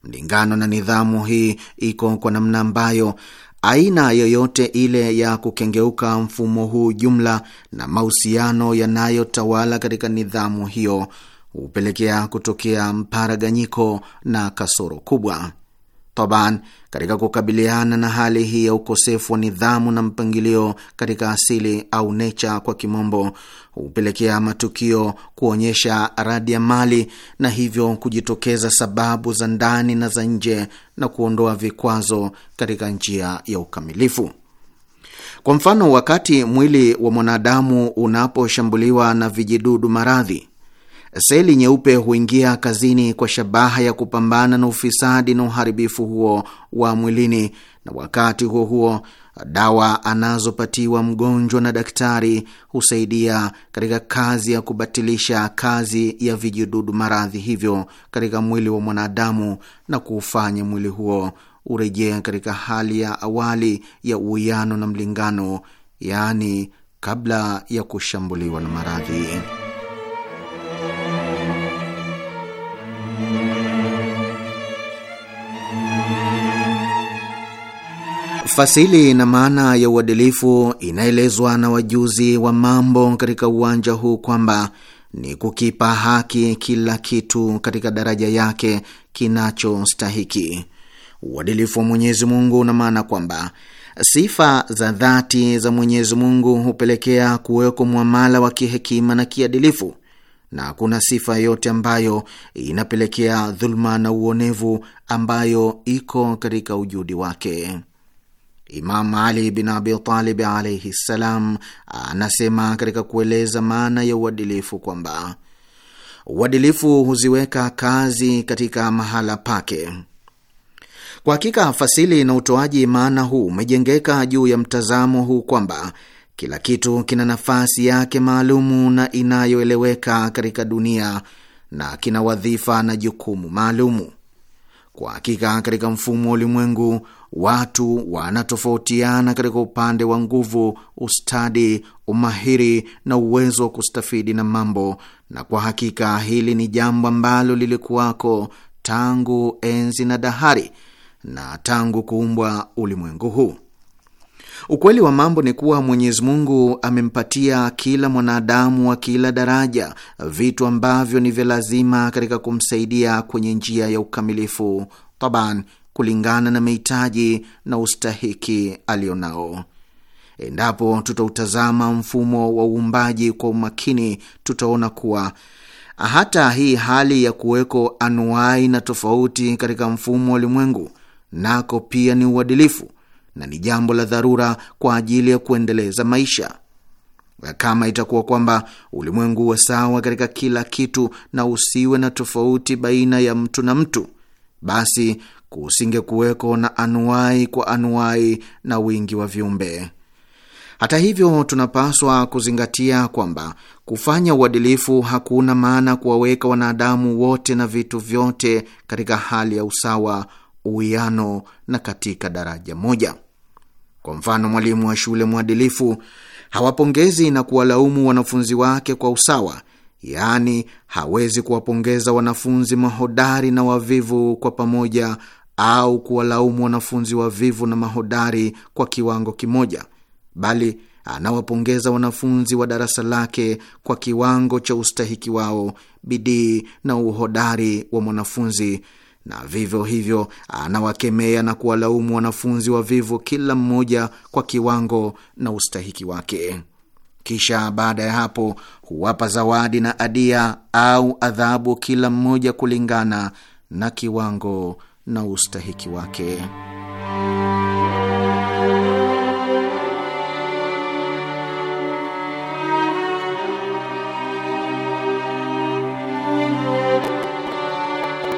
Mlingano na nidhamu hii iko kwa namna ambayo Aina yoyote ile ya kukengeuka mfumo huu jumla na mahusiano yanayotawala katika nidhamu hiyo hupelekea kutokea mparaganyiko na kasoro kubwa. Taban, katika kukabiliana na hali hii ya ukosefu wa nidhamu na mpangilio katika asili au necha kwa kimombo, hupelekea matukio kuonyesha radi ya mali na hivyo kujitokeza sababu za ndani na za nje na kuondoa vikwazo katika njia ya ukamilifu. Kwa mfano, wakati mwili wa mwanadamu unaposhambuliwa na vijidudu maradhi Seli nyeupe huingia kazini kwa shabaha ya kupambana na ufisadi na uharibifu huo wa mwilini, na wakati huo huo dawa anazopatiwa mgonjwa na daktari husaidia katika kazi ya kubatilisha kazi ya vijidudu maradhi hivyo katika mwili wa mwanadamu na kuufanya mwili huo urejea katika hali ya awali ya uwiano na mlingano, yaani kabla ya kushambuliwa na maradhi. Fasili na maana ya uadilifu inaelezwa na wajuzi wa mambo katika uwanja huu kwamba ni kukipa haki kila kitu katika daraja yake kinachostahiki. Uadilifu wa Mwenyezi Mungu una maana kwamba sifa za dhati za Mwenyezi Mungu hupelekea kuwekwa mwamala wa kihekima na kiadilifu, na kuna sifa yote ambayo inapelekea dhuluma na uonevu ambayo iko katika ujudi wake. Imam Ali bin Abi Talib alaihi ssalam anasema katika kueleza maana ya uadilifu kwamba uadilifu huziweka kazi katika mahala pake. Kwa hakika fasili na utoaji maana huu umejengeka juu ya mtazamo huu kwamba kila kitu kina nafasi yake maalumu na inayoeleweka katika dunia na kina wadhifa na jukumu maalumu. Kwa hakika katika mfumo wa ulimwengu watu wanatofautiana katika upande wa nguvu, ustadi, umahiri na uwezo wa kustafidi na mambo, na kwa hakika hili ni jambo ambalo lilikuwako tangu enzi na dahari na tangu kuumbwa ulimwengu huu. Ukweli wa mambo ni kuwa Mwenyezi Mungu amempatia kila mwanadamu wa kila daraja vitu ambavyo ni vya lazima katika kumsaidia kwenye njia ya ukamilifu taban kulingana na mahitaji na ustahiki alionao. Endapo tutautazama mfumo wa uumbaji kwa umakini, tutaona kuwa hata hii hali ya kuweko anuai na tofauti katika mfumo wa ulimwengu nako pia ni uadilifu na ni jambo la dharura kwa ajili ya kuendeleza maisha. Kama itakuwa kwamba ulimwengu uwe sawa katika kila kitu na usiwe na tofauti baina ya mtu na mtu, basi kusinge kuweko na anuai kwa anuai na wingi wa viumbe. Hata hivyo, tunapaswa kuzingatia kwamba kufanya uadilifu hakuna maana kuwaweka wanadamu wote na vitu vyote katika hali ya usawa, uwiano na katika daraja moja. Kwa mfano, mwalimu wa shule mwadilifu hawapongezi na kuwalaumu wanafunzi wake kwa usawa, yaani hawezi kuwapongeza wanafunzi mahodari na wavivu kwa pamoja au kuwalaumu wanafunzi wavivu na mahodari kwa kiwango kimoja, bali anawapongeza wanafunzi wa darasa lake kwa kiwango cha ustahiki wao, bidii na uhodari wa mwanafunzi, na vivyo hivyo anawakemea na kuwalaumu wanafunzi wavivu, kila mmoja kwa kiwango na ustahiki wake. Kisha baada ya hapo huwapa zawadi na adia au adhabu, kila mmoja kulingana na kiwango na ustahiki wake.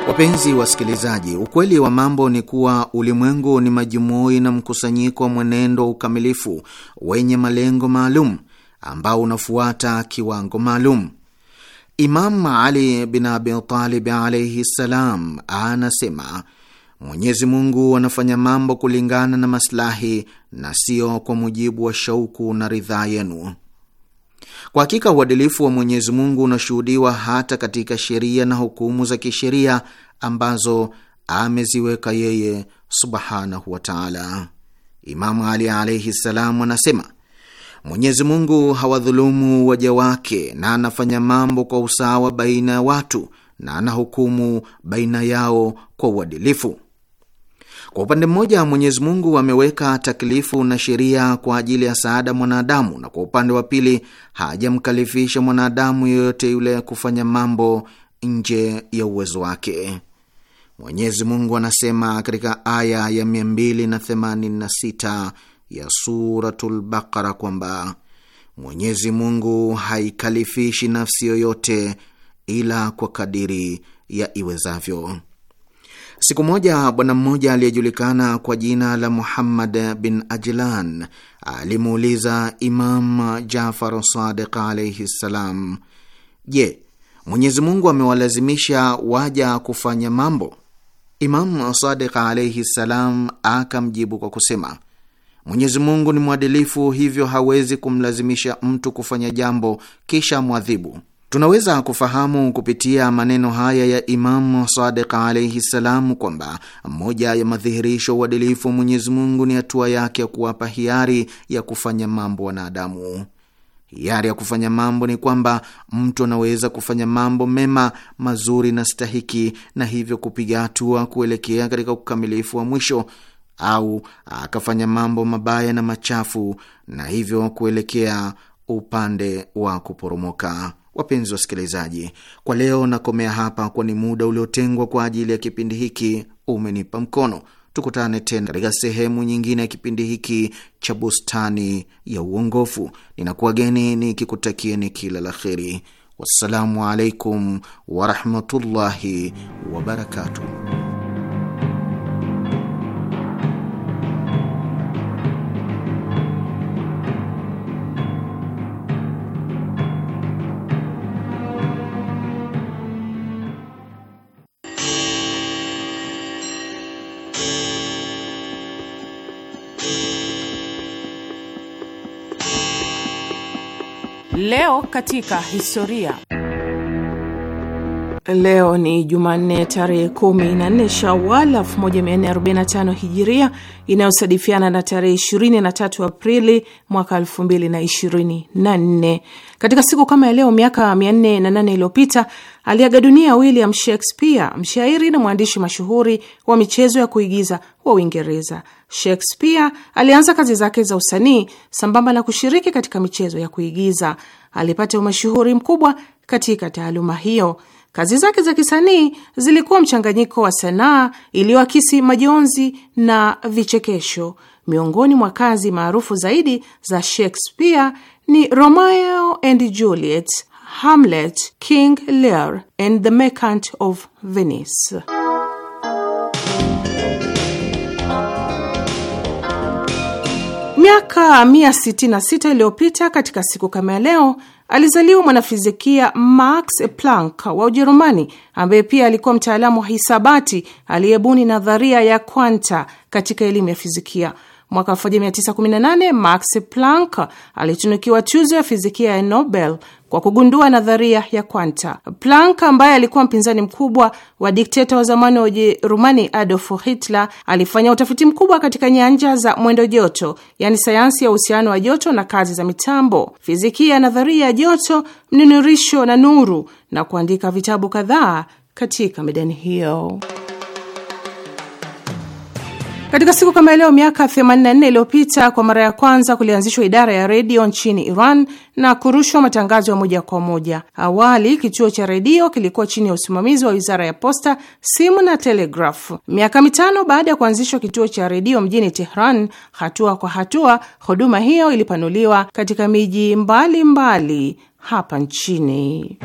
Wapenzi wasikilizaji, ukweli wa mambo ni kuwa ulimwengu ni majumui na mkusanyiko wa mwenendo wa ukamilifu wenye malengo maalum ambao unafuata kiwango maalum. Imamu Ali bin Abi Talib alaihi ssalam anasema Mwenyezi Mungu anafanya mambo kulingana na maslahi na sio kwa mujibu wa shauku na ridhaa yenu. Kwa hakika uadilifu wa Mwenyezi Mungu unashuhudiwa hata katika sheria na hukumu za kisheria ambazo ameziweka yeye subhanahu wataala Imamu Ali alaihi ssalam anasema Mwenyezi Mungu hawadhulumu waja wake na anafanya mambo kwa usawa baina ya watu na anahukumu baina yao kwa uadilifu. Kwa upande mmoja, Mwenyezi Mungu ameweka taklifu na sheria kwa ajili ya saada mwanadamu, na kwa upande wa pili hajamkalifisha mwanadamu yoyote yule kufanya mambo nje ya uwezo wake. Mwenyezi Mungu anasema katika aya ya 286 ya Suratul Baqara kwamba Mwenyezi Mungu haikalifishi nafsi yoyote ila kwa kadiri ya iwezavyo. Siku moja bwana mmoja aliyejulikana kwa jina la Muhammad bin Ajlan alimuuliza Imam Jafar Sadiq alaihi ssalam, je, Mwenyezi Mungu amewalazimisha waja kufanya mambo? Imam Sadiq alaihi ssalam akamjibu kwa kusema, Mwenyezi Mungu ni mwadilifu, hivyo hawezi kumlazimisha mtu kufanya jambo kisha mwadhibu Tunaweza kufahamu kupitia maneno haya ya Imamu Sadiq alaihi ssalam kwamba moja ya madhihirisho uadilifu wa Mwenyezi Mungu ni hatua yake ya kuwapa hiari ya kufanya mambo wanadamu. Hiari ya kufanya mambo ni kwamba mtu anaweza kufanya mambo mema, mazuri na stahiki, na hivyo kupiga hatua kuelekea katika ukamilifu wa mwisho, au akafanya mambo mabaya na machafu, na hivyo kuelekea upande wa kuporomoka. Wapenzi wasikilizaji, kwa leo nakomea hapa, kwani muda uliotengwa kwa ajili ya kipindi hiki umenipa mkono. Tukutane tena katika sehemu nyingine ya kipindi hiki cha Bustani ya Uongofu. Ninakuwageni nikikutakieni kila la kheri. Wassalamu alaikum warahmatullahi wabarakatuh. Leo katika historia. Leo ni Jumanne tarehe 14 Shawal 1445 Hijiria, inayosadifiana na tarehe 23 Aprili mwaka 2024. Katika siku kama ya leo miaka 408 iliyopita aliaga dunia William Shakespeare, mshairi na mwandishi mashuhuri wa michezo ya kuigiza wa Uingereza. Shakespeare alianza kazi zake za usanii sambamba na kushiriki katika michezo ya kuigiza. Alipata umashuhuri mkubwa katika taaluma hiyo. Kazi zake za kisanii zilikuwa mchanganyiko wa sanaa iliyoakisi majonzi na vichekesho. Miongoni mwa kazi maarufu zaidi za Shakespeare ni Romeo and Juliet Hamlet, King Lear, and The Merchant of Venice. Miaka 166 iliyopita katika siku kama ya leo alizaliwa mwanafizikia Max Planck wa Ujerumani, ambaye pia alikuwa mtaalamu wa hisabati aliyebuni nadharia ya kwanta katika elimu ya fizikia. Mwaka 1918 Max Planck alitunukiwa tuzo ya fizikia ya Nobel kwa kugundua nadharia ya kwanta. Planck ambaye alikuwa mpinzani mkubwa wa dikteta wa zamani wa Ujerumani Adolf Hitler alifanya utafiti mkubwa katika nyanja za mwendo joto, yaani sayansi ya uhusiano wa joto na kazi za mitambo, fizikia ya nadharia ya joto, mnunurisho na nuru, na kuandika vitabu kadhaa katika medani hiyo. Katika siku kama leo miaka 84 iliyopita kwa mara ya kwanza kulianzishwa idara ya redio nchini Iran na kurushwa matangazo ya moja kwa moja. Awali kituo cha redio kilikuwa chini ya usimamizi wa wizara ya posta, simu na telegrafu. Miaka mitano baada ya kuanzishwa kituo cha redio mjini Tehran, hatua kwa hatua huduma hiyo ilipanuliwa katika miji mbalimbali mbali hapa nchini.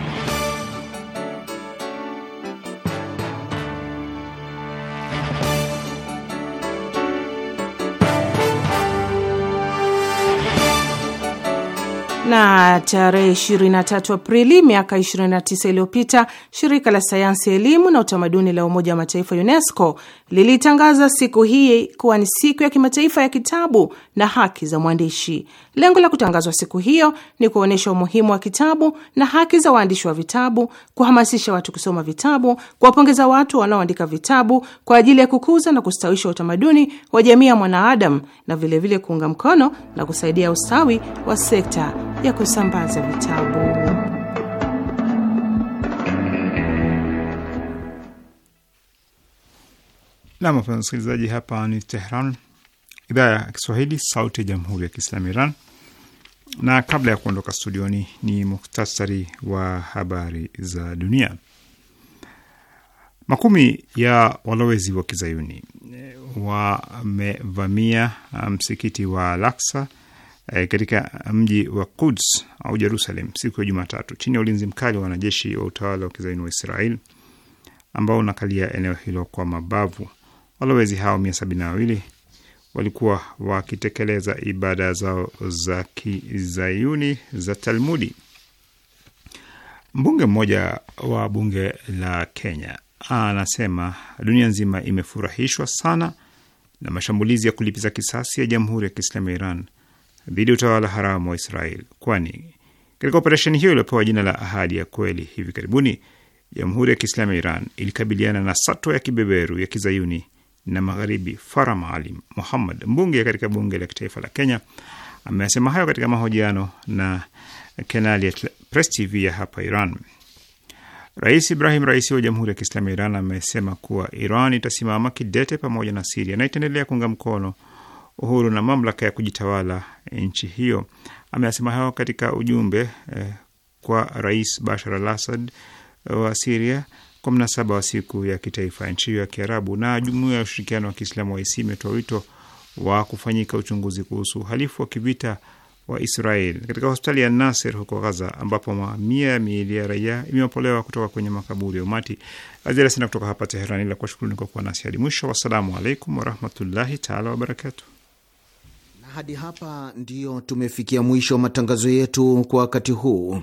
na tarehe 23 Aprili miaka 29 iliyopita shirika la sayansi, elimu na utamaduni la Umoja wa Mataifa UNESCO lilitangaza siku hii kuwa ni siku ya kimataifa ya kitabu na haki za mwandishi. Lengo la kutangazwa siku hiyo ni kuonyesha umuhimu wa kitabu na haki za waandishi wa vitabu, kuhamasisha watu kusoma vitabu, kuwapongeza watu wanaoandika vitabu kwa ajili ya kukuza na kustawisha utamaduni wa jamii ya mwanaadamu, na vilevile kuunga mkono na kusaidia ustawi wa sekta ya kusambaza vitabu. Nam, msikilizaji, hapa ni Tehran, idhaa ya Kiswahili, sauti ya jamhuri ya kiislamu Iran. Na kabla ya kuondoka studioni ni, muktasari wa habari za dunia. Makumi ya walowezi wa kizayuni eh, wamevamia eh, msikiti wa Al-Aqsa e, katika mji wa Quds au Jerusalem siku ya Jumatatu chini ya ulinzi mkali wa wanajeshi wa utawala wa kizayuni wa Israel ambao unakalia eneo hilo kwa mabavu. Walowezi hao mia sabini na wawili walikuwa wakitekeleza ibada zao za kizayuni za Talmudi. Mbunge mmoja wa bunge la Kenya anasema dunia nzima imefurahishwa sana na mashambulizi ya kulipiza kisasi ya Jamhuri ya Kiislamu ya Iran dhidi ya utawala haramu wa Israel, kwani katika operesheni hiyo iliyopewa jina la Ahadi ya Kweli, hivi karibuni Jamhuri ya Kiislamu ya Iran ilikabiliana na satwa ya kibeberu ya kizayuni na Magharibi Farah Maalim Muhammad, mbunge katika bunge la kitaifa la Kenya, amesema hayo katika mahojiano na kanali ya Press TV ya hapa Iran. Rais Ibrahim Raisi wa Jamhuri ya Kiislamu ya Iran amesema kuwa Iran itasimama kidete pamoja na Siria na itaendelea kuunga mkono uhuru na mamlaka ya kujitawala nchi hiyo. Amesema hayo katika ujumbe eh, kwa Rais Bashar al Assad wa Siria kwa mnasaba wa siku ya kitaifa nchi hiyo ya Kiarabu. Na jumuiya ya ushirikiano wa Kiislamu wa IC imetoa wito wa kufanyika uchunguzi kuhusu uhalifu wa kivita wa Israel katika hospitali ya Nasser huko Gaza, ambapo mamia ya miili ya raia imeopolewa kutoka kwenye makaburi ya umati. sina kutoka hapa Teheran, ila kuwashukuruni kwa kuwa nasi hadi mwisho. Wassalamu alaikum warahmatullahi taala wabarakatu. Na hadi hapa ndiyo tumefikia mwisho wa matangazo yetu kwa wakati huu.